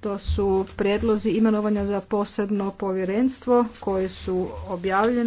To su prijedlozi imenovanja za posebno povjerenstvo koji su objavljeni.